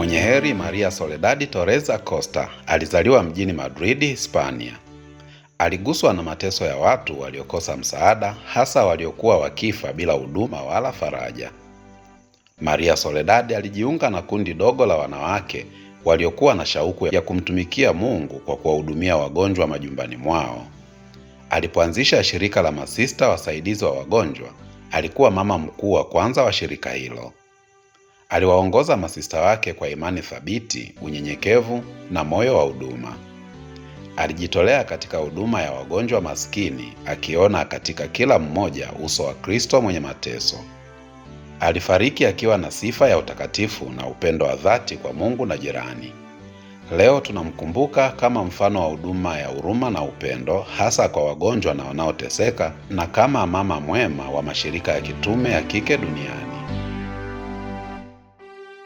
Mwenye heri Maria Soledad Torres Acosta alizaliwa mjini Madrid, Hispania. Aliguswa na mateso ya watu waliokosa msaada, hasa waliokuwa wakifa bila huduma wala faraja. Maria Soledad alijiunga na kundi dogo la wanawake waliokuwa na shauku ya kumtumikia Mungu kwa kuwahudumia wagonjwa majumbani mwao. Alipoanzisha shirika la masista wasaidizi wa wagonjwa, alikuwa mama mkuu wa kwanza wa shirika hilo. Aliwaongoza masista wake kwa imani thabiti, unyenyekevu na moyo wa huduma. Alijitolea katika huduma ya wagonjwa maskini, akiona katika kila mmoja uso wa Kristo mwenye mateso. Alifariki akiwa na sifa ya utakatifu na upendo wa dhati kwa Mungu na jirani. Leo tunamkumbuka kama mfano wa huduma ya huruma na upendo, hasa kwa wagonjwa na wanaoteseka, na kama mama mwema wa mashirika ya kitume ya kike duniani.